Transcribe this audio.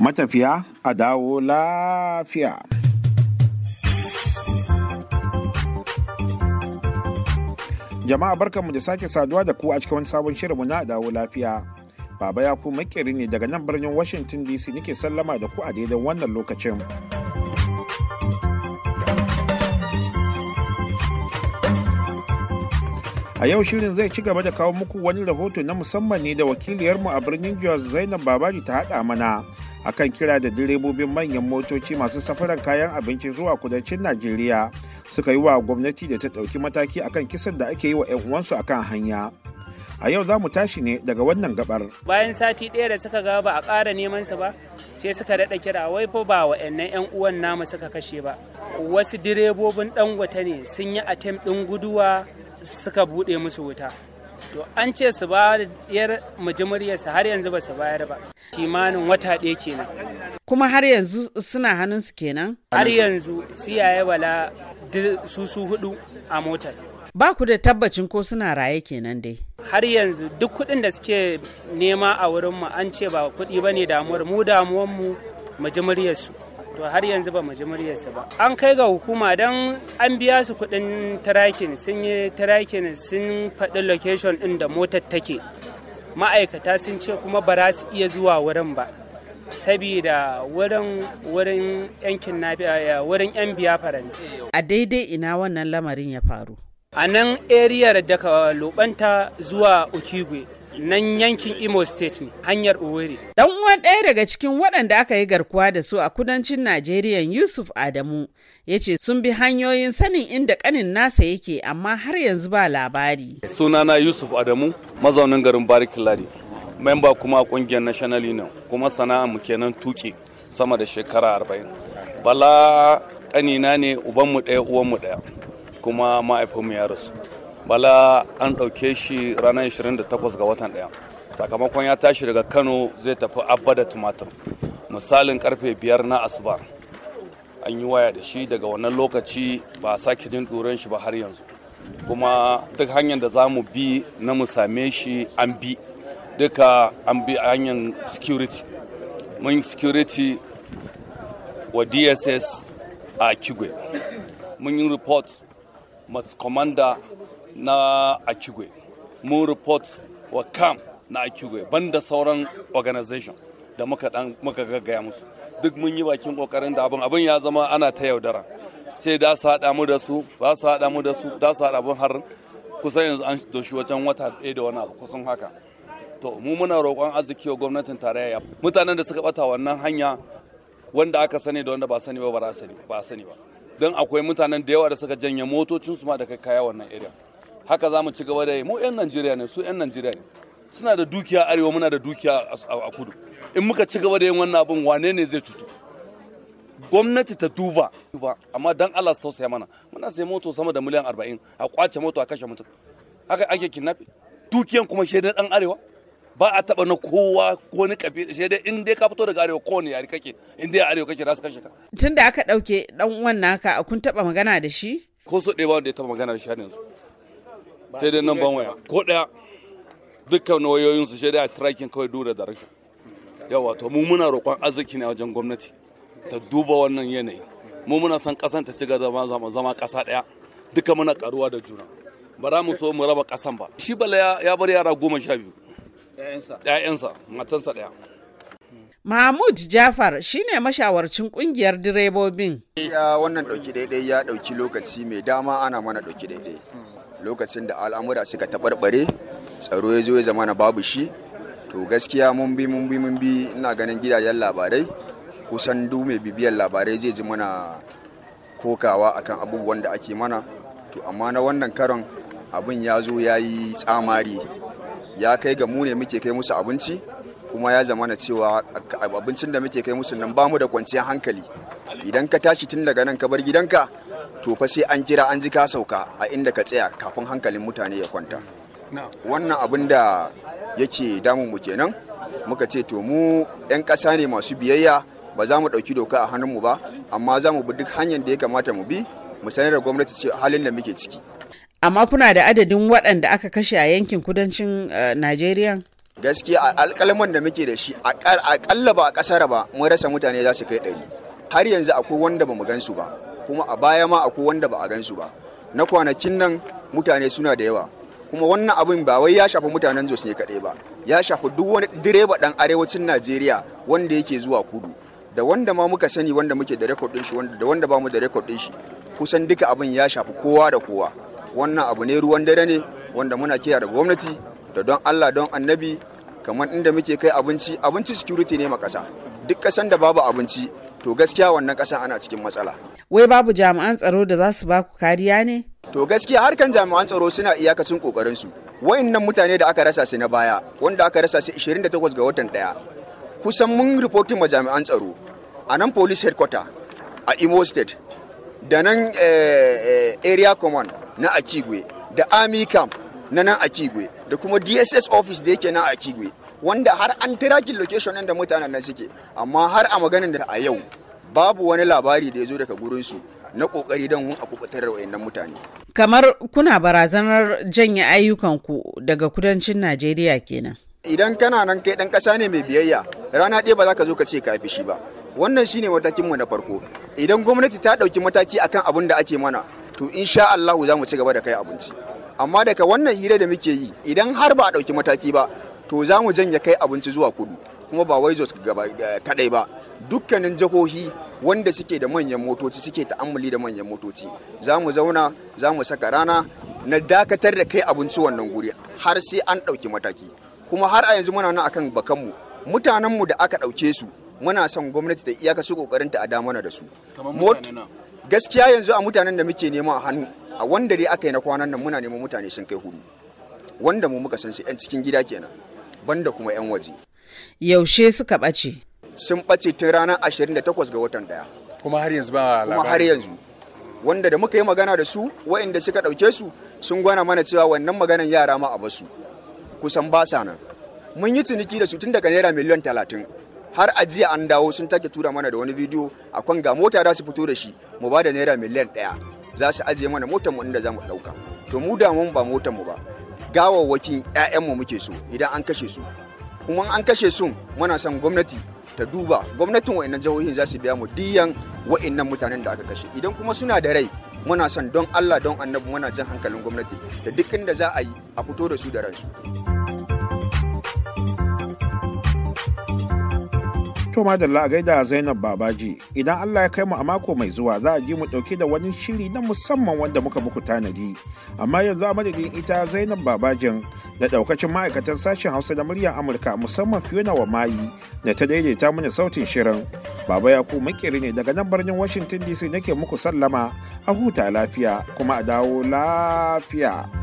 matafiya a dawo lafiya. Jama'a barkanmu da sake saduwa da ku a cikin wani sabon shirinmu na dawo lafiya. Baba ya ku makiri ne daga nan birnin Washington DC nake sallama da ku a daidai wannan lokacin. A yau shirin zai ci gaba da kawo muku wani rahoto na musamman ne da wakiliyarmu a birnin Jos Zainab Babaji ta haɗa mana akan kira da direbobin manyan motoci masu safaran kayan abinci zuwa kudancin najeriya suka yi wa gwamnati da ta ɗauki mataki akan kisan da ake yi wa 'yan uwansu akan hanya a yau za mu tashi ne daga wannan gabar bayan sati ɗaya da suka ga ba a ƙara neman su ba sai suka daɗa kira wai fa ba wa 'yan uwan namu suka kashe ba wasu direbobin ɗangwata ne sun yi atem ɗin guduwa suka buɗe musu wuta to an ce su ba yar mujimuryarsa har yanzu ba su bayar ba kimanin wata ɗaya kenan kuma har yanzu suna hannunsu kenan har yanzu siyaye bala su su hudu a motar ba ku da tabbacin ko suna raye kenan dai har yanzu duk kuɗin da suke nema a wurinmu an ce ba kuɗi ba ne damuwar mu damuwar mu ji muryarsu to har yanzu ba mu muryarsu ba an kai ga hukuma don an biya su kuɗin tarakin sun yi tarakin sun faɗi location ɗin da motar take ma'aikata sun ce kuma ba za su iya zuwa wurin ba sabida wurin wurin yankin eh, wurin yan biyafara ne a daidai ina wannan lamarin ya faru a nan ariyar daga lobanta zuwa okigwe nan yankin Imo State ne hanyar Owerri. Dan uwan ɗaya daga cikin waɗanda aka yi garkuwa da su a kudancin Najeriya Yusuf Adamu ya ce sun bi hanyoyin sanin inda ƙanin nasa yake amma har yanzu ba labari. Sunana Yusuf Adamu mazaunin garin Barikilari. Memba kuma ƙungiyar National Union kuma sana'a mu kenan tuƙi sama da shekara arba'in. Bala ƙanina ne ubanmu ɗaya uwanmu ɗaya kuma mahaifinmu ya rasu. bala an ɗauke shi ranar 28 ga watan ɗaya sakamakon ya tashi daga kano zai tafi abba da tumatir misalin karfe biyar na asuba an yi waya da shi daga wannan lokaci ba a sake jin ɗoren shi ba har yanzu kuma duk hanyar da za mu bi na mu same shi an bi duka an bi hanyar security mun security wa dss a kigwe mun yi report mas commander na Akigwe. Mun report wa CAM na Akigwe banda sauran organization da muka dan muka gaggaya musu. Duk mun yi bakin kokarin da abin abin ya zama ana ta yaudara. Ce da su haɗa mu da su, ba su haɗa mu da su, da su haɗa abin har kusan yanzu an doshi wajen wata ɗaya da wani abu kusan haka. To mu muna roƙon arziki wa gwamnatin tarayya. Mutanen da suka ɓata wannan hanya wanda aka sani da wanda ba sani ba ba sani ba. don akwai mutanen da yawa da suka janye motocinsu ma da kai kaya wannan irin haka za mu ci gaba da yi mu 'yan najeriya ne su 'yan najeriya ne suna da dukiya arewa muna da dukiya a kudu in muka ci gaba da yin wannan abin wane ne zai cutu gwamnati ta duba amma dan allah su tausaya mana muna sai moto sama da miliyan arba'in a kwace moto a kashe mutum haka ake kidnapping dukiyan kuma shaidar dan arewa ba a taba na kowa ko ni kafi sai dai in dai ka fito daga arewa kowane yari kake in dai arewa kake za su kashe ka tunda aka dauke dan uwan naka kun taba magana da shi ko so ɗaya ba wanda ya taba magana da shi yanzu sai dai nan ban waya ko daya dukkan wayoyin su shaida trakin kawai dura da rashin yawa to mu muna roƙon arziki ne wajen gwamnati ta duba wannan yanayi mu muna son ƙasan ta ci gaba zama zama ƙasa ɗaya duka muna karuwa da juna ba za mu so mu raba ƙasan ba shi bala ya bar yara goma sha biyu ‘ya'yansa matansa daya Mahmud Jafar shine mashawarcin kungiyar direbobin. Ya wannan dauki daidai ya ɗauki lokaci mai dama ana mana ɗauki daidai. lokacin da al'amura suka taɓarɓare tsaro ya zo ya zama na babu shi to gaskiya mun bi mun bi mun bi ina ganin gidajen labarai kusan duk mai bibiyar labarai zai ji mana kokawa akan abubuwan da ake mana to amma na wannan karon abin ya zo ya yi tsamari ya kai ga mu ne muke kai musu abinci kuma ya zama na cewa abincin da muke kai musu nan bamu da kwanciyar hankali idan ka tashi tun daga nan ka bar gidanka to fa sai an kira an ji ka sauka a inda ka tsaya kafin hankalin mutane ya kwanta wannan abin da yake damun mu kenan muka ce to mu 'yan ƙasa ne masu biyayya ba za mu ɗauki doka a hannunmu ba amma za mu bi duk hanyar da ya kamata mu bi mu sanar da gwamnati ce halin da muke ciki amma kuna da adadin waɗanda aka kashe a yankin kudancin eh, najeriya gaskiya alƙalman da muke da shi a ba a ƙasar ba mun rasa mutane za su kai ɗari har yanzu akwai wanda ba mu gan su ba kuma a baya ma akwai wanda ba a su ba na kwanakin nan mutane suna da yawa kuma wannan abin ba wai ya shafi mutanen jos ne kaɗai ba ya shafi duk wani direba ɗan arewacin najeriya wanda yake zuwa kudu da wanda ma muka sani wanda muke da rekod ɗin shi da wanda ba mu da rekod ɗin shi kusan duka abin ya shafi kowa da kowa wannan abu ne ruwan dare ne wanda muna kira da gwamnati da don allah don annabi kamar inda muke kai abinci abinci security ne ma ƙasa duk ƙasan da babu abinci to gaskiya wannan ƙasa ana cikin matsala. Wai babu jami'an tsaro da za su ba ku kariya ne? To gaskiya harkan jami'an tsaro suna iyakacin ƙoƙarin su. Wayannan mutane da aka rasa su na baya, wanda aka rasa su 28 ga watan ɗaya. Kusan mun rifotin ma jami'an tsaro a nan police headquarter a Imo State da nan eh, eh, area command na Akigwe da army camp na nan a kigwe da kuma dss office da yake nan a kigwe wanda har an tracking location ɗin da mutanen nan suke amma har a maganin da a yau babu wani labari da ya zo daga gurinsu na kokari don a kubutar da wayannan mutane kamar kuna barazanar janye ayyukanku daga kudancin najeriya kenan idan kana nan kai dan kasa ne mai biyayya rana ɗaya ba za ka zo ka ce ka shi ba wannan shine matakin mu na farko idan gwamnati ta ɗauki mataki akan abin da ake mana to insha Allahu za mu ci gaba da kai abinci amma daga wannan hira da muke yi idan har ba a ɗauki mataki ba to za mu janye kai abinci zuwa kudu kuma ba wai jos eh, kadai ba dukkanin jihohi wanda suke da manyan motoci suke ta'ammali da manyan motoci za mu zauna za mu saka rana na dakatar da kai abinci wannan guri har sai an ɗauki mataki kuma har a yanzu muna nan akan bakanmu mutanenmu da aka ɗauke su muna son gwamnati ta iyaka su ƙoƙarinta a damana da su gaskiya yanzu a mutanen da muke nema a hannu a wanda dai aka yi na kwanan nan muna neman mutane sun kai hudu wanda mu muka san su 'yan cikin gida kenan banda kuma 'yan waje yaushe suka bace. sun ɓace tun ranar 28 ga watan daya kuma har yanzu ba kuma har yanzu wanda da muka yi magana da su waɗanda suka ɗauke su sun gwana mana cewa wannan maganan yara ma a basu kusan ba sa nan mun yi ciniki da su tun daga naira miliyan talatin har a jiya an dawo sun take tura mana da wani bidiyo akwai ga mota za su fito da shi mu ba da naira miliyan ɗaya za su ajiye mana motar mu inda za mu ɗauka to mu da mun ba motar mu ba gawawwakin 'ya'yanmu muke so idan an kashe su kuma an kashe su muna son gwamnati ta duba gwamnatin wa'annan jihohin za su biya mu diyan wa'annan mutanen da aka kashe idan kuma suna da rai muna son don allah don annabi muna jin hankalin gwamnati da duk inda za a yi a fito da su da ransu. To madalla a gaida Zainab Babaji idan Allah ya kai mu a mako mai zuwa za a ji mu dauke da wani shiri na musamman wanda muka muku tanadi. Amma yanzu a madadin ita Zainab Babajin da daukacin ma'aikatan sashen Hausa da muryar Amurka musamman Fiona wa Mayi da ta daidaita mana sautin shirin. Baba Yaku makiri ne daga nan birnin Washington DC nake muku sallama a huta lafiya kuma a dawo lafiya.